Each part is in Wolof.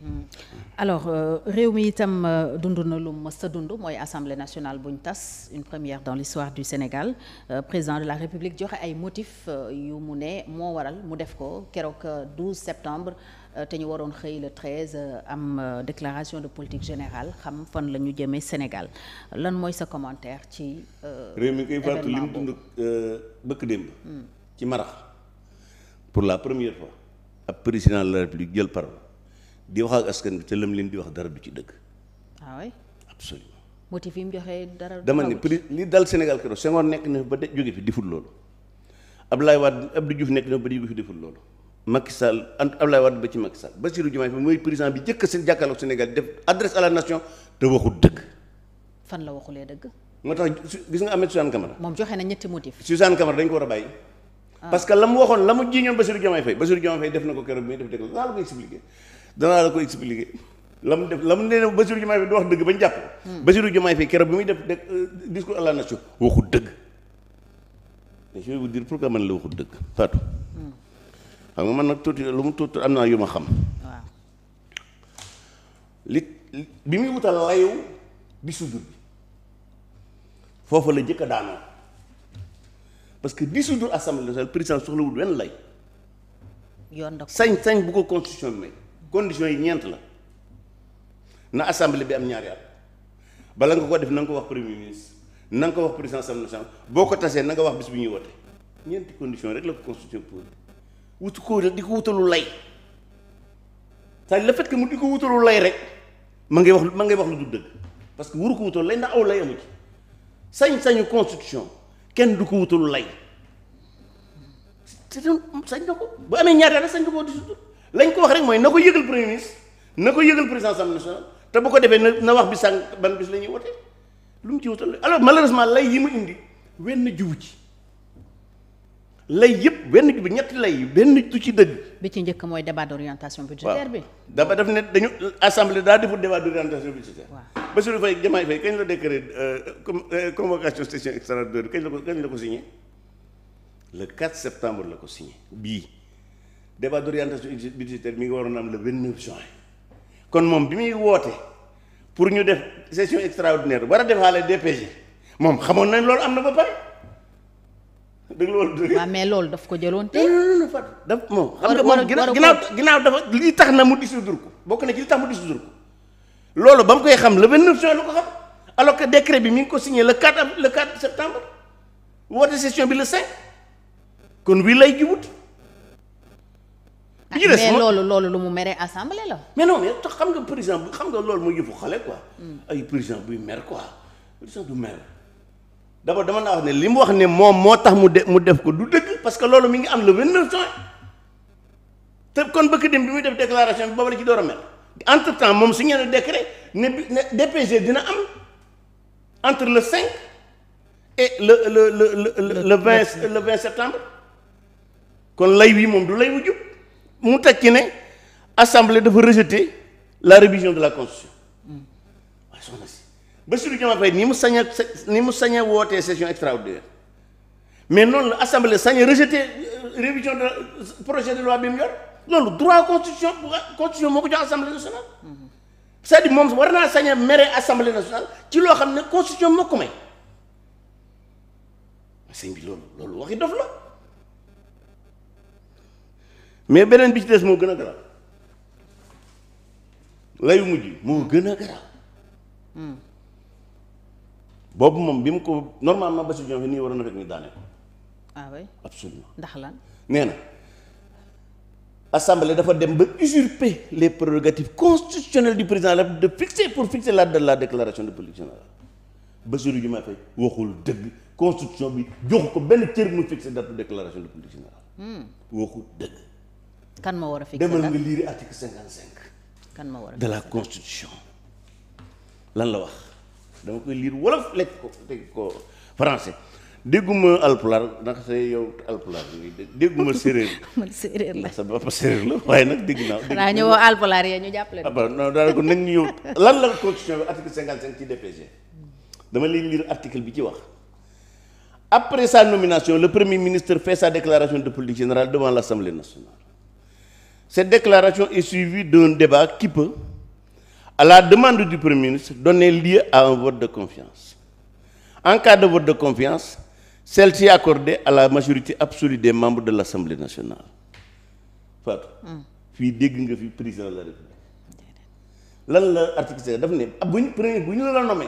Mm. alors euh, réew mi itam euh, dundu na lu mës a dund mooy assemblée nationale buñ tas une première dans l'histoire du Sénégal euh, président de la République joxe ay motifs yu mu ne moo waral mu def ko keroog 12 septembre te ñu waroon xëy le 13 am déclaration de politique générale xam fan la ñu jëmee Sénégal lan mooy sa commentaire ci. réew mi koy fàttali li mu dund bëkk démb. Mm. ci marax pour la première fois. ab président de la République jël parole. di wax ak askan bi te lam leen di wax dara du ci dëgg. waaw ah waay. absolument. motif yi mu joxe dara. dama ne prix li dal Sénégal keroog Senghor nekk na ba de jóge fi deful loolu Abdoulaye Wade Abdou Diouf nekk na ba jóge fi deful loolu. Macky Sall ant Abdoulaye Wade ba ci Macky Sall Bassirou Diomaye bi mooy président bi njëkk seen jàkkaarloog Sénégal def adresse à la nation te waxul dëgg. fan la waxulee dëgg. moo tax gis moom joxe na ñetti motif. Suzanne Camara dañ ah. la mu la mu jiiñoon def na ko keroog bi muy def dëgg la la ko expliqué. danaa la ko expliquer la mu def la mu nee Bassirou Diomaye Faye du wax dëgg bañ jàpp hmm. Bassirou Diomaye Faye keroog bi muy def euh, discours à la nation waxu dëgg je vais vous dire pourquoi man la waxu dëgg Fatou hmm. xam nga man nag tuuti lu mu tuuti am naa yu ma xam waaw li bi muy wutal layu bi sudur bi foofu la jëkk a daanoo parce que bi sudur assemblée nationale président soxlawul wenn lay yoon sañ sañ bu ko constitution bi may conditions yi ñeent la na assemblée bi am ñaari at bala nga ko def na nga ko wax premier ministre nanga ko wax président assemblée nationale boo ko tasee nanga nga wax bis bu ñuy wote ñeenti condition rek la ko constitution posé wutu ko rek di ko wutalu lay cest le fait que mu ko wutalu lay rek ma ngay wax ma ngay wax lu du dëgg parce que wuru ko wutalu lay ndax aw lay amu ci sañ-sañu constitution kenn du ko wutalu lay te sañ na ko bu amee ñaari at sañ ko boo di lañ ko wax rek mooy na ko yëgal premier ministre na ko yëgal président assemblée nationale te bu ko defee na na wax bi sàng ban bis la ñuy wote lu mu ci wutal alors malheureusement lay yi mu indi wenn jiwu ci lay yëpp benn bi ñetti lay yi benn du ci dëgg. bi ci njëkk mooy débat d'orientation budgétaire bi. dama def ne dañu assemblée daa deful débat d'orientation budgétaire. waaw Bassirou Faye Diomaye Faye kañ la décret euh, euh, convocation session extraordinaire bi kañ la ko kañ la ko signé le 4 septembre la ko signé bii. débat d'orientation budgétaire mi ngi waroon am le 29 juin kon moom bi muy woote pour ñu def session extraordinaire war a defaale DPG moom xamoon nañ loolu am na ba pare dëgg loolu. waaw mais loolu daf ko jëloon tey. daf moom xam nga moom ginnaaw ginnaaw dafa li tax na mu dissoudre ko bokk na ci li tax mu dissoudre ko loolu ba mu koy xam la 29 juin lu ko xam alors que décret bi mi ngi ko signé le 4 le 4 septembre woote session bi le 5 kon lay jubut. bi ci des mais loolu loolu lu mu mere assemblée la. mais non mais tax xam nga président bi xam nga loolu mooy yëfu xale quoi. Hmm. ay président buy mer quoi président du mer. d'abord dama naa wax ne li mu wax ne moom moo tax mu de mu def ko du dëgg parce que loolu mi ngi am le 29 juin te kon bëkk dem bi muy def déclaration bi boobu la ci door a mel entre temps moom su ñu nee décret ne bi ne DPG dina am entre le 5 et le le le le le le 20 le 20 septembre kon lay wi moom du lay wu jub. mu teg ci ne assemblée dafa rejeter la révision de la constitution waaye soxna si Bassirou Diomaye Faye ni mu sañ ni mu sañ wootee session extraordinaire mais noonu la assemblée sañ a rejeter euh, révision projet de loi loolu droit constitution constitution moo ko jox assemblée nationale cest à moom war naa sañ a mere assemblée nationale ci loo xam ne constitution moo ko may sëñ bi loolu loolu waxi dof la mais beneen bi ci des moo gën a garaaw layu mujj moo gën a garaaw hmm. boobu moom bi mu ko normalement Bassirou Diomaye nii war na fekk ñu daane ko ah absolument ndax lan nee na dafa dem ba usurper les prérogatives constitutionnelles du président la de fixer pour fixer la de la déclaration de politique générale Bassirou Diomaye Faye waxul dëgg constitution bi joxu ko benn cër mu fixer date de déclaration de politique générale hmm. waxul dëgg kan ma war a fixé demal nga liiri article cinquante kan ma a de la constitution. lan la wax dama koy liir wolof lekk ko dégg ko français dégguma alpulaar ndax say yow alpulaar dégguma séeréer. man séeréer la sa bopp séeréer la waaye nag dégg naa. xanaa ñëwoo alpulaar yee ñu jàppale. ah non daal ko nag ñu lan la constitution bi article cinquante cinq ci DPG dama lay liir article bi ci wax. Après sa nomination, le Premier ministre fait sa déclaration de politique générale devant l'Assemblée nationale. Cette déclaration est suivie d'un débat qui peut, à la demande du Premier ministre, donner lieu à vote de confiance. En cas de vote de confiance, celle-ci est accordée à la majorité absolue des membre de l'Assemblée nationale. Fatou. Hmm. fii dégg nga fi président la République. lan la article 7 daf ne bu ñu premier bu ñu la nommé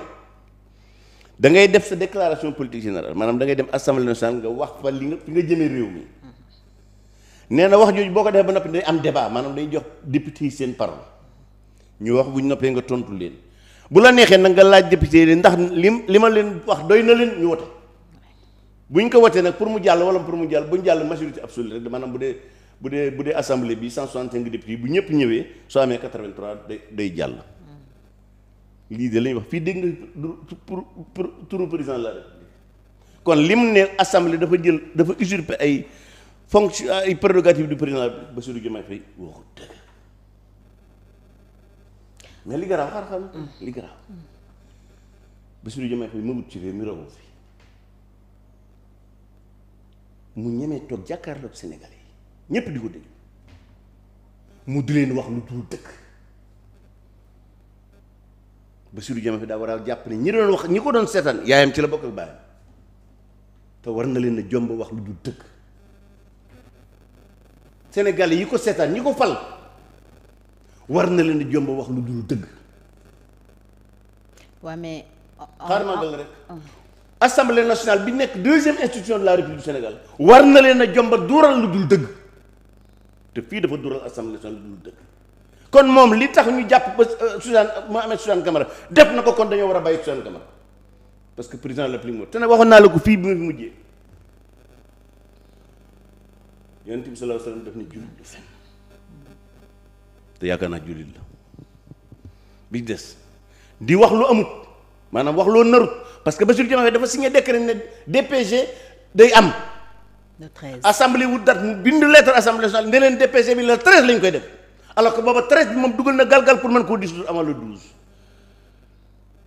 da ngay def sa déclaration politique générale maanaam da ngay dem Assemblée nationale nga wax fa li nga fi nga jëmee réew mi. nee na wax jooju boo ko defee ba noppi day am débat maanaam day jox député yi seen parole ñu wax bu ñu noppee nga tontu leen bu la neexee nag nga laaj député yi ndax lim li ma leen wax doy na leen ñu wote buñ ko watee nag pour mu jàll wala pour mu jàll bu ñu jàll majorité absolue rek maanaam bu dee bu dee bu dee assemblée bi 165 députés bu ñëpp ñëwee soo amee 83 day day jàll. lii de lañuy wax fii dégg nga pour pour turu président de la République kon lim ne assemblée dafa jël dafa usurper ay. fonction ay ah, prérogative du président Bassirou Diomaye Faye waxu dëgg mais li garaaw xaar xam mm. li garaaw Bassirou Diomaye Faye magut ci réew mi mu ñemee toog jàkkaarloog Sénégalais yi ñépp di ko dégg mu di leen wax lu dul dëkk Bassirou Diomaye Faye daa war a jàpp ne ñi doon wax ñi ko doon seetaan yaayam ci la bokk ak baayam te war na leen a jomb wax lu dul dëkk Sénégalais yi ko seetaan ñi ko fal war na leen jomba wax lu dul dëgg. waaw mais. xaaral ma rek. assemblée nationale bi nekk deuxième institution de la république du Sénégal war na leen a jomba duural lu dul dëgg te fii dafa duural assemblée nationale lu dul dëgg. kon moom li tax ñu jàpp ba euh, Suzanne Mohamed Suzanne Camara def na ko kon dañoo war a bàyyi Suzanne Camara parce que président la plus te ne waxoon naa la ko fii bi mu mujjee. yonent bi sallallahu alayhi wasallam daf jullit du fen te yaakaar naa jullit la bi des di wax lu amut maanaam wax loo narut parce que Bassirou Diomaye dafa si signé décret ne DPG day am. le 13 wu date bind lettre assemblée nationale ne leen DPG bi le 13 lañ koy def alors que booba 13 bi moom dugal na galgal pour mën koo dissoudre amal le 12.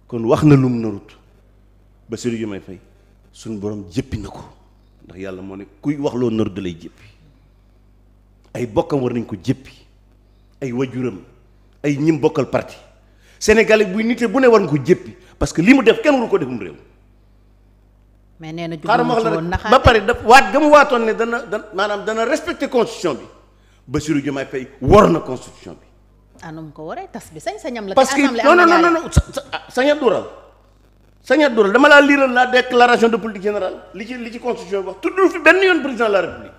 kon wax na lum narut Bassirou Diomaye Faye suñ borom jëppi na ko ndax yàlla moo ne kuy wax loo narut da lay jëppi. ay bokkam war nañ ko jéppi ay wajuram ay ñim bokkal parti sénégalais buy nite bu ne war nga ko jëppi parce que li mu def kenn waru ko defum réew. mais nee na ba pare da waat ga mu waatoon ne dana dana maanaam dana respecter constitution bi Bassirou Diomaye Faye war na constitution bi. anum ah, ko waree tas bi sañ sañam la. parce que non non non non ah, laa déclaration de politique générale li ci constitution bi wax tuddul fi benn yoon président la république.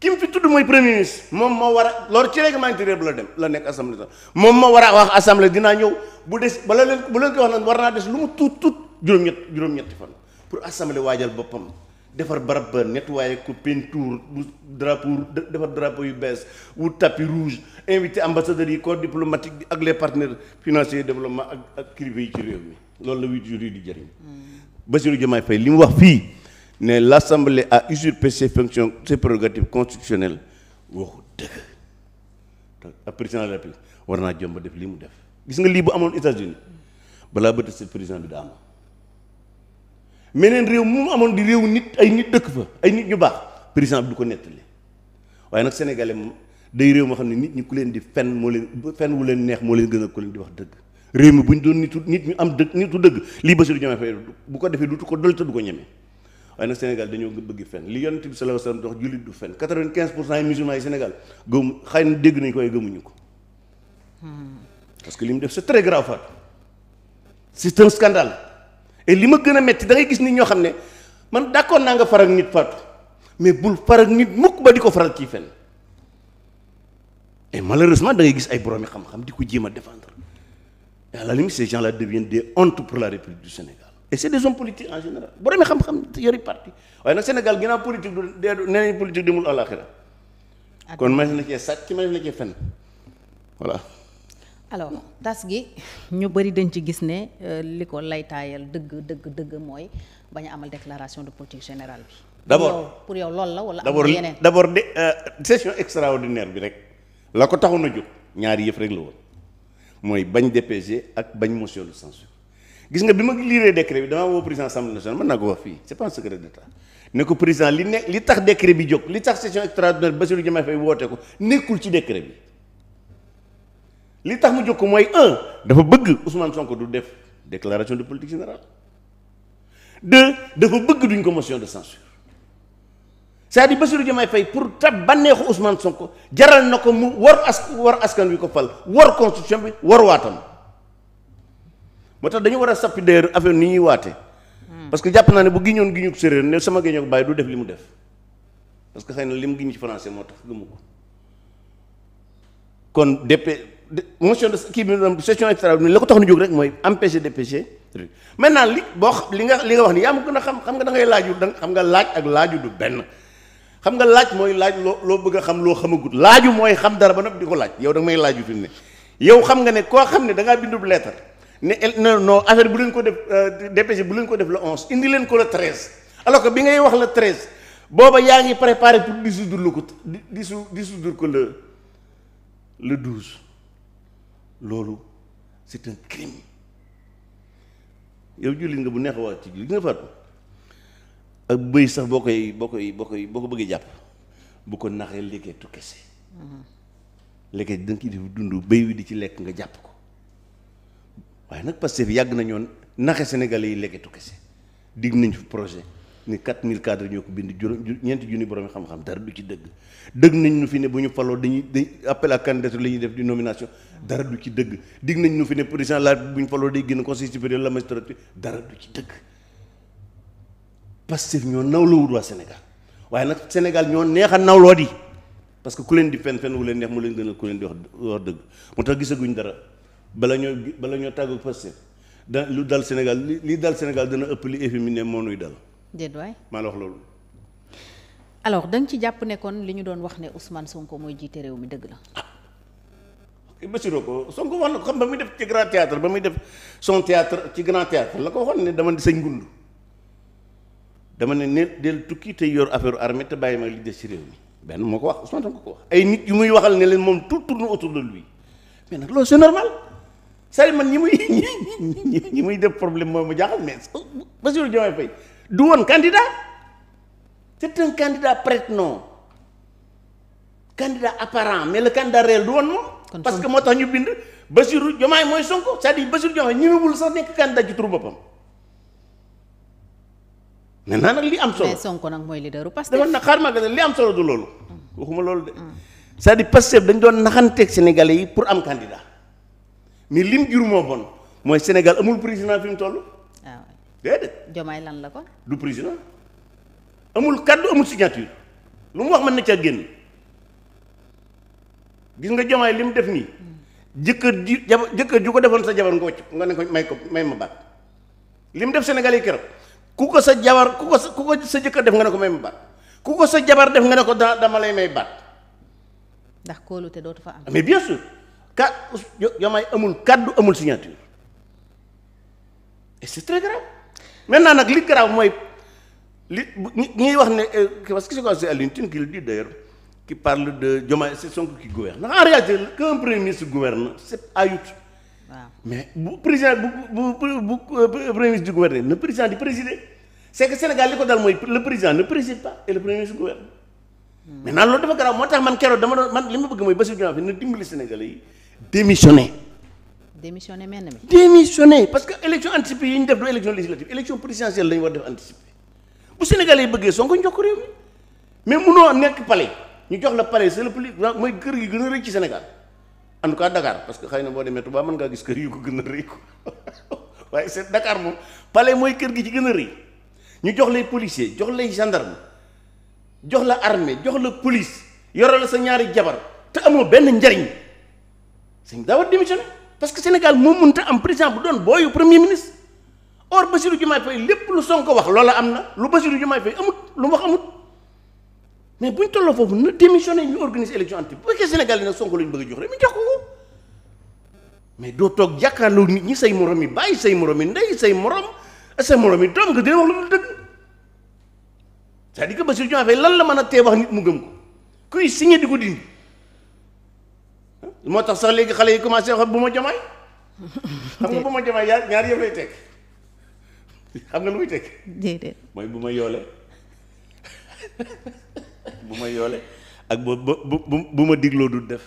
ki fi tudd mooy premier ministre moom moo war a loolu ci règlement intérieur bi la dem la nekk assemblée moom moo war a wax assemblée dinaa ñëw bu des bala leen bu leen ko wax naan war naa des lu mu tuut tuut juróom-ñett juróom-ñetti fan pour assemblée waajal boppam defar barab ba nettoyer ko peinture drapeau defar drapeau yu bees wut tapis rouge invité ambassadeurs yi corps diplomatique bi ak les partenaires financiers développement ak ak privé yi ci réew mi loolu la huit jours yi di jëriñ hmm. Bassirou Diomaye li mu wax fii ne l'assemblée a usurpé ses fonctions ses prérogatives constitutionnelles waxu dëgg ak président la war naa jomb def lii mu def gis nga lii bu amoon États-Unis balaa bëtt si président bi daa am meneen réew mu amoon di réew nit ay nit dëkk fa ay nit ñu baax président bi du ko nettali waaye nag sénégalais moom day réew moo xam ne nit ñi ku leen di fen moo leen fen wu leen neex moo leen gën a ku leen di wax dëgg réew mi bu ñu doon nitu nit ñu am dëgg nitu dëgg lii Bassirou Diomaye bu ko defee dutu ko dolli du ko ñeme waaye nag Sénégal dañoo bëgg fen li yonent bi sallallahu alayhi wasallam dox jullit du fen quatre-vingt-quinze pour cent yi musulman yi Sénégal gëm xëy na dégg nañ koy waaye gëmuñu ko hmm. parce que li mu def sa très grave Fatou c'est scandale et li ma gën a metti dangay gis nit ñoo xam ne man d'accord naa nga far ak nit Fatou mais bul far ak nit mukk ba di ko faral ciy fen et malheureusement da gis ay boroomi xam-xam di ko jéem a défendre et à la limite ces gens pour la République du et c'est des hommes politiques en général boroom xam-xam yori parti waaye nag Sénégal ginnaaw politique du dee nee nañ politique demul àllaaxira ah, kon mën na cee ci mën na cee fenn voilà. alors tas gi ñu bëri dañ ci gis ne euh, li ko laytaayal dëgg dëgg dëgg mooy bañ amal déclaration de politique général bi. d'abord pour yow loolu la wala. amul yeneen d'abord de euh, session extraordinaire bi rek la ko taxoon a jóg ñaari yëf rek la woon mooy bañ DPG ak bañ motion de gis nga bi ma liiree décret bi damaa woo président assemblée nationale mën naa ko wax fii c'est pas un secret ne ko président li ne li tax décret bi jóg li tax session extraordinaire Bassirou Diomaye Faye woote ko nekkul ci décret bi li tax mu jóg ko mooy un dafa bëgg Ousmane Sonko du def déclaration de politique générale deux dafa bëgg duñ ko motion de censure c'est-à-dire Bassirou Diomaye Faye pour tab bànneexu Ousmane Sonko jaral na ko mu war as askan wi ko fal war constitution bi war waatam moo tax dañu war a sappi d'ailleurs affaire ni ñuy waate parce que jàpp naa ne bu giñoon giñu séréer ne sama géñoo ko bàyyi du def li mu def parce que xëy na li mu giñ ci français moo tax gëmu ko kon DP motion de kii bi session extra bi la ko tax nu jóg rek mooy empêcher dépêcher maintenant li boo li nga li nga wax ni yaa ma gën a xam xam nga da ngay laaju da xam nga laaj ak laaju du benn xam nga laaj mooy laaj loo loo bëgg a xam loo xamagut laaju mooy xam dara ba noppi di ko laaj yow da nga may laaju fi yow xam nga ne koo xam ne da ngaa bindub ne non no affaire bu leen ko def euh, DPG bu leen ko def le 11 indi leen ko le 13 alors que bi ngay wax la 13 booba yaa ngi préparé pour dissoudre lu ko dissou dissoudre ko le le 12 loolu c'est un crime yow jullit nga bu neex wax ci jullit nga faatu ak bëy sax boo koy boo koy boo koy boo ko bëggee jàpp bu ko naxee lékkee tu kese mm-hmm. lékkee da nga ciy def dund bëy wi di ci lekk nga jàpp ko. waaye nag Pastef yàgg na ñoon naxe Sénégalais yi legetu kese digg nañ fi projet ni 4000 cadres ñoo ko bind juróom ñeenti junni borom xam-xam dara du ci dëgg dëgg nañ ñu fi ne bu ñu faloo dañuy dañ appel à candidature la ñuy def di nomination dara du ci dëgg digg nañ ñu fi ne président la bu ñu faloo day génn conseil supérieur la magistrature dara du ci dëgg Pastef ñoo nawlawul waa Sénégal waaye nag Sénégal ñoo neex a nawloo di parce que ku leen di fen fen wu leen neex mu leen gën a ku leen di wax wax dëgg moo tax gisaguñ dara bala ñoo bala ñoo tàggu Pastef da lu dal Sénégal li dal Sénégal dana ëpp li mi ne moo nuy dal. déet waay maa la wax loolu. alors da ci jàpp nekkoon li ñu doon wax ne Ousmane Sonko mooy jiite réew mi dëgg la. Ah, Bassirou ko Sonko wax def ci grand def son théâtre ci grand la ko waxoon ne dama ne sañ ngund dama ne ne del tukki te yor affaire armée te bàyyi ma li des ci réew mi benn moo ko wax Ousmane Sonko ko wax ay nit yu muy waxal ne leen moom tout tourne autour de lui mais nag loolu c'est normal. c'est man ñi muy ñi muy def problème mooy mu jaaxal mais Bassirou Diomaye Faye du woon candidat c'est un candidat prête-nom candidat apparent mais le candidat réel du woon moom parce que moo tax ñu bind Bassirou Diomaye mooy Sonko c'est-à-dire Bassirou Diomaye ñemewul sax nekk candidat ci turu boppam maintenant nag li am solo mais Sonko nag mooy leaderu Pastef dafa nag xaar ma li am solo du loolu mm. waxuma loolu de c'est-à-dire Pastef dañ doon naxanteeg Sénégalais yi pour am candidat mais lim jur moo bon mooy Sénégal amul président fi mu toll. waaw ah Jomaay lan la ko. du président amul kàddu amul signature lu mu wax mën na ca génn gis nga Jomaay li mu def nii. Hmm. jëkkër ji jaba jëkkër ju ko defoon sa jabar nga wàcc nga ne ko may ko may ma baat li def Sénégal yi keroog ku ko sa jabar ku ko sa ku ko sa jëkkër def nga ne ko may ma baat ku ko sa jabar def nga ne ko dama lay may baat. ndax kóolute dootu fa am. kat Diomaye amul kaddu amul signature et c'est très grave maintenant nag li grave mooy li ñuy wax ne euh, parce que c'est quoi c'est Alioune Tine qui le dit d'ailleurs qui parle de Diomaye c'est Sonko qui gouverne en réalité qu'un premier ministre gouverne c'est ayut mais bu président bu bu bu euh, premier ministre di gouverner le président di présider c'est que Sénégal li ko dal mooy le président ne préside pas et le premier ministre gouverne hmm. maintenant loolu dafa garaaw moo tax man keroog dama doon man li ma bëgg mooy Bassirou Diomaye Faye na démissionner. démissionner mel na mi. démissionner parce que élection anticipée yi ñu def du élection législative élection présidentielle la ñu war def anticipée bu Sénégalais yi bëggee Sonko jox ko réew mi mais munoo nekk palais ñu jox la palais c'est le plus mooy kër gi gën a rëy ci Sénégal en tout cas Dakar parce que xëy na boo demee Touba mën ngaa gis kër yu ko gën a rëy ko waaye c'est dakaar moom palais mooy kër gi ci gën a rëy ñu jox lay policier jox lay gendarme jox la armée jox la police yore la sa ñaari jabar te amoo benn njariñ sëñ a war parce que Sénégal moo mënta am président bu doon booyu premier ministre or Bassirou Diomaye Faye lépp lu Sonko wax loola am na lu Bassirou Diomaye Faye amut lu mu wax amut mais buñ ñu organiser élection anti bu fekkee Sénégal yi nag Sonko lañ a jox rek mu jox ko mais doo toog jàkkaarloo nit ñi say moroom yi bàyyi say morom yi ndey say morom say morom yi doom nga dina wax lu dëgg c'est-à-dire que Bassirou Diomaye lan la mën a tee wax nit mu gëm ko kuy signé di ko dindi moo tax sax léegi xale yi commencé wax bu ma jamaay xam nga bu ma jamaay yaa ñaar yëpp lay teg xam nga lu muy teg mooy bu ma yoole bu ma yoole ak bu bu bu ma digloo du def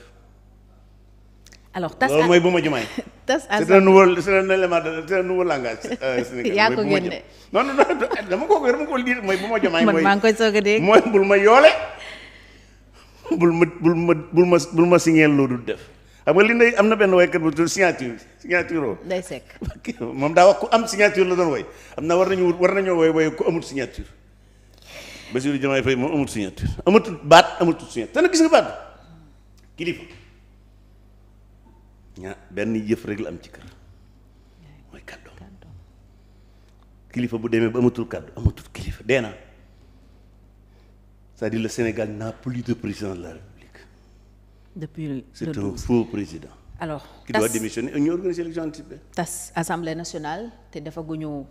alors tas loolu mooy bu ma jumaay. tas c'est un nouveau c'est un élément c'est un nouveau langage. Euh, yaa ko génne non non dama ko dama ko lire mooy bu ma jumaay. man maa ngi koy soog a dégg mooy bul ma yoole. bul ma bul ma bul ma bul ma signeel loo dul def xam nga li ndey am na benn waykat bu tudd signature signature day sekk moom daa wax ku am signature la doon way am na war nañu war nañoo way way ku amul signature Bassirou Diomaye Faye moom amul signature amatul baat amatul signature te nag gis nga baat kilifa ñaa benn yëf rek am ci kër mooy kàddoom kilifa bu demee ba amatul kàddu amatul kilifa dee naa c'est-à-dire le Sénégal n'a plus de président de la République. Depuis le C'est faux président. Alors, qui doit démissionner ñu organiser l'élection anticipée. tas Assemblée nationale te dafa guñu